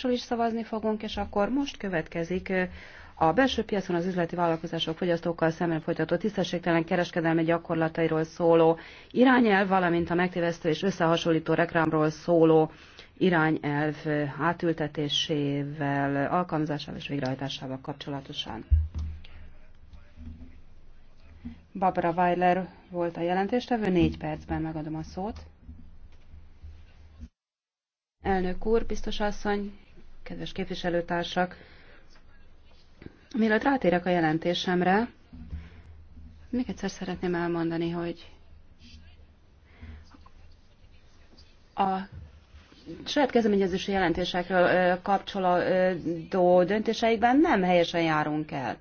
Sor is szavazni fogunk, és akkor most következik a belső piacon az üzleti vállalkozások fogyasztókkal szemben folytatott tisztességtelen kereskedelmi gyakorlatairól szóló irányelv, valamint a megtévesztő és összehasonlító reklámról szóló irányelv átültetésével, alkalmazásával és végrehajtásával kapcsolatosan. Barbara Weiler volt a jelentéstevő, négy percben megadom a szót. Elnök úr, biztos asszony, kedves képviselőtársak! Mielőtt rátérek a jelentésemre, még egyszer szeretném elmondani, hogy a saját kezdeményezési jelentésekről kapcsolódó döntéseikben nem helyesen járunk el.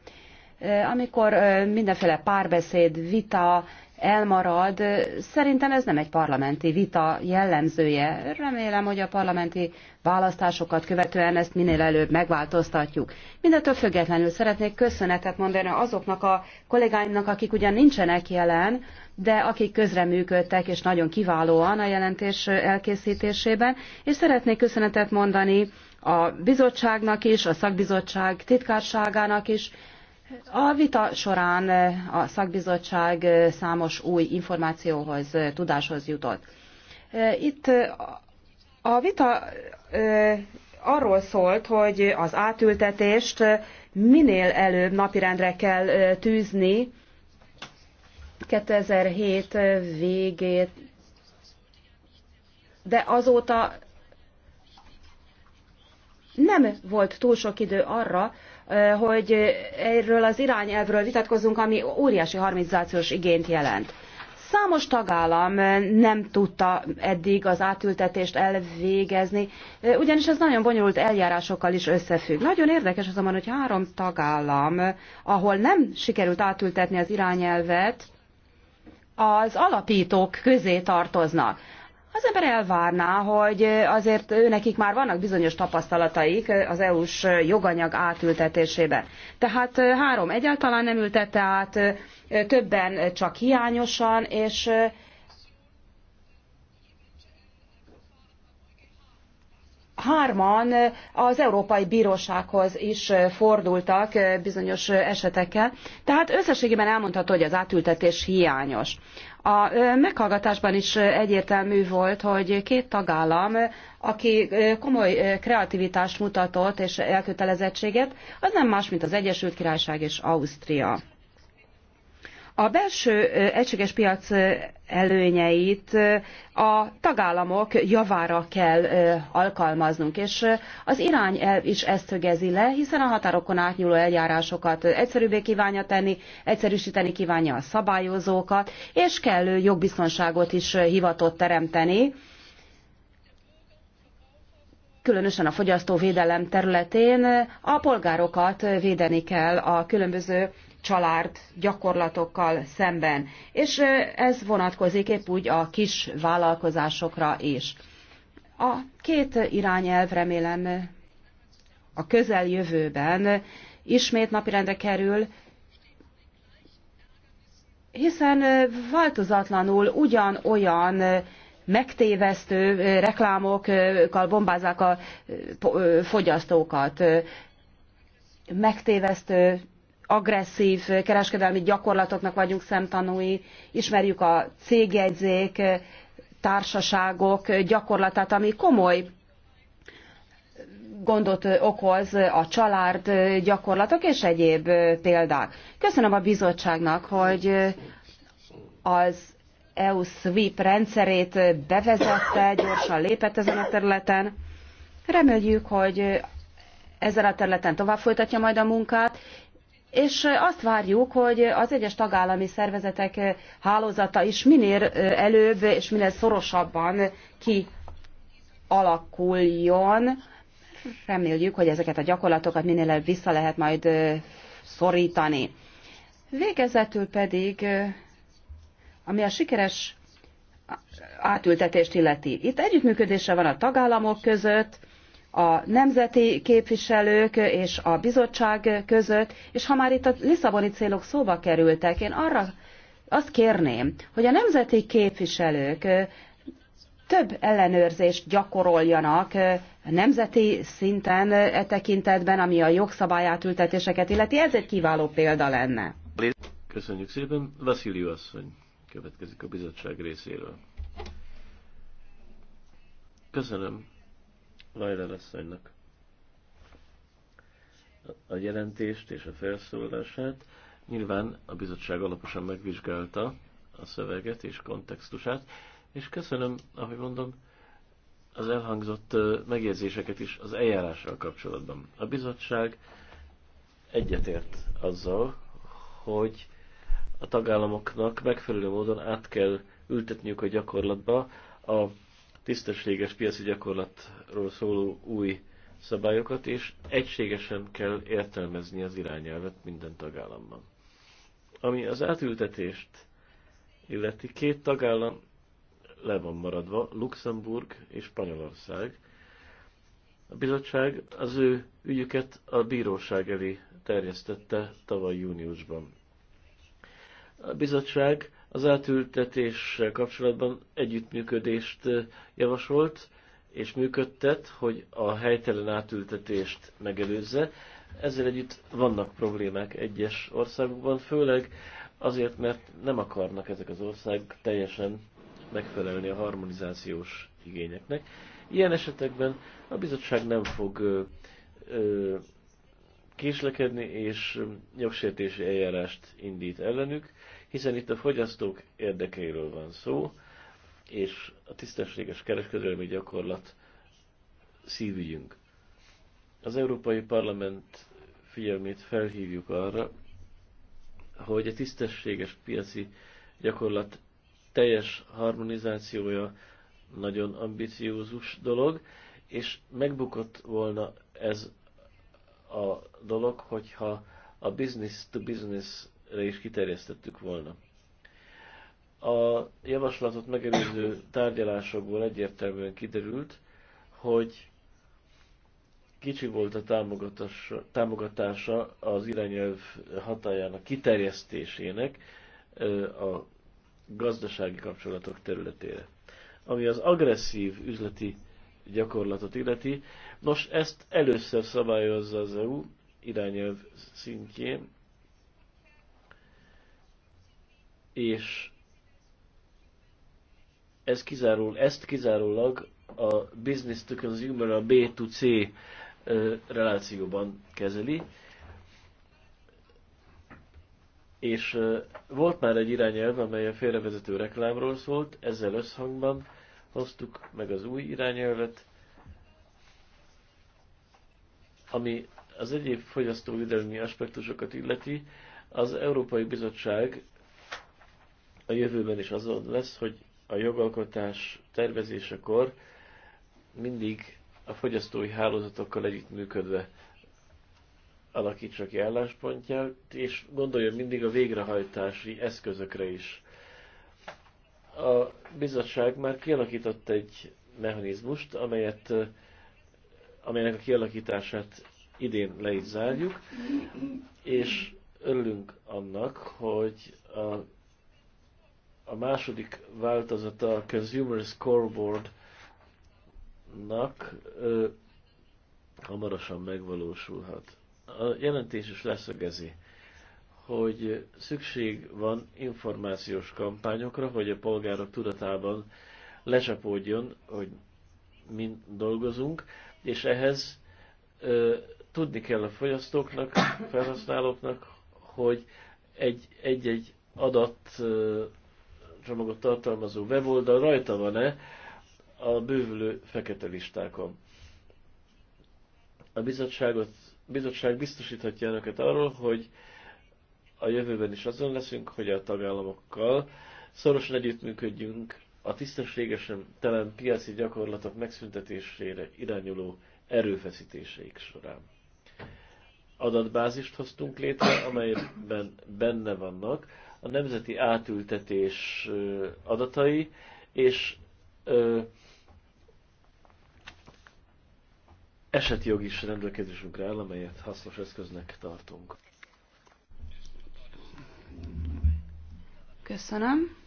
Amikor mindenféle párbeszéd, vita, elmarad. Szerintem ez nem egy parlamenti vita jellemzője. Remélem, hogy a parlamenti választásokat követően ezt minél előbb megváltoztatjuk. Mindettől függetlenül szeretnék köszönetet mondani azoknak a kollégáimnak, akik ugyan nincsenek jelen, de akik közreműködtek, és nagyon kiválóan a jelentés elkészítésében, és szeretnék köszönetet mondani a bizottságnak is, a szakbizottság titkárságának is, a vita során a szakbizottság számos új információhoz, tudáshoz jutott. Itt a vita arról szólt, hogy az átültetést minél előbb napirendre kell tűzni, 2007 végét, de azóta nem volt túl sok idő arra, hogy erről az irányelvről vitatkozunk, ami óriási harmonizációs igényt jelent. Számos tagállam nem tudta eddig az átültetést elvégezni, ugyanis ez nagyon bonyolult eljárásokkal is összefügg. Nagyon érdekes azonban, hogy három tagállam, ahol nem sikerült átültetni az irányelvet, az alapítók közé tartoznak az ember elvárná, hogy azért őnekik már vannak bizonyos tapasztalataik az EU-s joganyag átültetésében. Tehát három egyáltalán nem ültette át, többen csak hiányosan, és hárman az Európai Bírósághoz is fordultak bizonyos esetekkel. Tehát összességében elmondható, hogy az átültetés hiányos. A meghallgatásban is egyértelmű volt, hogy két tagállam, aki komoly kreativitást mutatott és elkötelezettséget, az nem más, mint az Egyesült Királyság és Ausztria. A belső egységes piac előnyeit a tagállamok javára kell alkalmaznunk, és az irányelv is ezt szögezi le, hiszen a határokon átnyúló eljárásokat egyszerűbbé kívánja tenni, egyszerűsíteni kívánja a szabályozókat, és kellő jogbiztonságot is hivatott teremteni különösen a fogyasztóvédelem területén a polgárokat védeni kell a különböző család gyakorlatokkal szemben. És ez vonatkozik épp úgy a kis vállalkozásokra is. A két irányelv remélem a közeljövőben ismét napirendre kerül, hiszen változatlanul ugyanolyan megtévesztő reklámokkal bombázzák a fogyasztókat, megtévesztő agresszív kereskedelmi gyakorlatoknak vagyunk szemtanúi, ismerjük a cégjegyzék, társaságok gyakorlatát, ami komoly gondot okoz a család gyakorlatok és egyéb példák. Köszönöm a bizottságnak, hogy az EU SWIP rendszerét bevezette, gyorsan lépett ezen a területen. Reméljük, hogy ezen a területen tovább folytatja majd a munkát, és azt várjuk, hogy az egyes tagállami szervezetek hálózata is minél előbb és minél szorosabban kialakuljon. Reméljük, hogy ezeket a gyakorlatokat minél előbb vissza lehet majd szorítani. Végezetül pedig, ami a sikeres átültetést illeti. Itt együttműködésre van a tagállamok között, a nemzeti képviselők és a bizottság között, és ha már itt a Lisszaboni célok szóba kerültek, én arra azt kérném, hogy a nemzeti képviselők több ellenőrzést gyakoroljanak nemzeti szinten e tekintetben, ami a jogszabályát ültetéseket illeti. Ez egy kiváló példa lenne. Köszönjük szépen. Vasziliu asszony következik a bizottság részéről. Köszönöm. Lajla asszonynak a jelentést és a felszólását. Nyilván a bizottság alaposan megvizsgálta a szöveget és kontextusát, és köszönöm, ahogy mondom, az elhangzott megjegyzéseket is az eljárással kapcsolatban. A bizottság egyetért azzal, hogy a tagállamoknak megfelelő módon át kell ültetniük a gyakorlatba a tisztességes piaci gyakorlatról szóló új szabályokat, és egységesen kell értelmezni az irányelvet minden tagállamban. Ami az átültetést illeti, két tagállam le van maradva, Luxemburg és Spanyolország. A bizottság az ő ügyüket a bíróság elé terjesztette tavaly júniusban. A bizottság az átültetéssel kapcsolatban együttműködést javasolt és működtet, hogy a helytelen átültetést megelőzze. Ezzel együtt vannak problémák egyes országokban, főleg azért, mert nem akarnak ezek az ország teljesen megfelelni a harmonizációs igényeknek. Ilyen esetekben a bizottság nem fog ö, ö, késlekedni, és jogsértési eljárást indít ellenük hiszen itt a fogyasztók érdekeiről van szó, és a tisztességes kereskedelmi gyakorlat szívügyünk. Az Európai Parlament figyelmét felhívjuk arra, hogy a tisztességes piaci gyakorlat teljes harmonizációja nagyon ambiciózus dolog, és megbukott volna ez a dolog, hogyha a business-to-business business re is kiterjesztettük volna. A javaslatot megelőző tárgyalásokból egyértelműen kiderült, hogy kicsi volt a támogatása az irányelv hatájának kiterjesztésének a gazdasági kapcsolatok területére. Ami az agresszív üzleti gyakorlatot illeti, nos ezt először szabályozza az EU irányelv szintjén, és ez kizáról, ezt kizárólag a business to consumer, a B2C relációban kezeli. És volt már egy irányelv, amely a félrevezető reklámról szólt, ezzel összhangban hoztuk meg az új irányelvet, ami az egyéb fogyasztóvédelmi aspektusokat illeti, az Európai Bizottság a jövőben is az lesz, hogy a jogalkotás tervezésekor mindig a fogyasztói hálózatokkal együttműködve alakítsa ki álláspontját, és gondoljon mindig a végrehajtási eszközökre is. A bizottság már kialakított egy mechanizmust, amelyet, amelynek a kialakítását idén le is zárjuk, és örülünk annak, hogy a a második változata a Consumer Scoreboard-nak ö, hamarosan megvalósulhat. A jelentés is leszögezi, hogy szükség van információs kampányokra, hogy a polgárok tudatában lecsapódjon, hogy mi dolgozunk, és ehhez ö, tudni kell a fogyasztóknak, felhasználóknak, hogy egy-egy adat csomagot tartalmazó weboldal rajta van-e a bővülő fekete listákon. A bizottságot, bizottság biztosíthatja önöket arról, hogy a jövőben is azon leszünk, hogy a tagállamokkal szorosan együttműködjünk a tisztességesen telen piaci gyakorlatok megszüntetésére irányuló erőfeszítéseik során. Adatbázist hoztunk létre, amelyben benne vannak a nemzeti átültetés adatai, és esetjog is rendelkezésünkre áll, amelyet hasznos eszköznek tartunk. Köszönöm.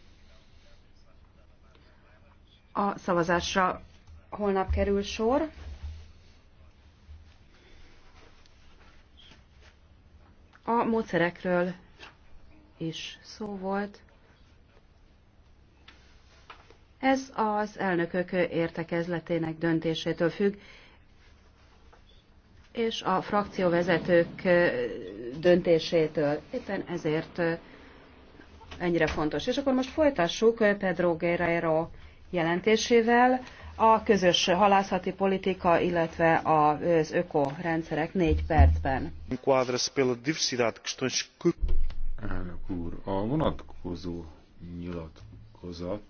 A szavazásra holnap kerül sor. A módszerekről is szó volt. Ez az elnökök értekezletének döntésétől függ, és a frakcióvezetők döntésétől. Éppen ezért ennyire fontos. És akkor most folytassuk Pedro Guerrero jelentésével a közös halászati politika, illetve az ökorendszerek négy percben. Elnök úr, a vonatkozó nyilatkozat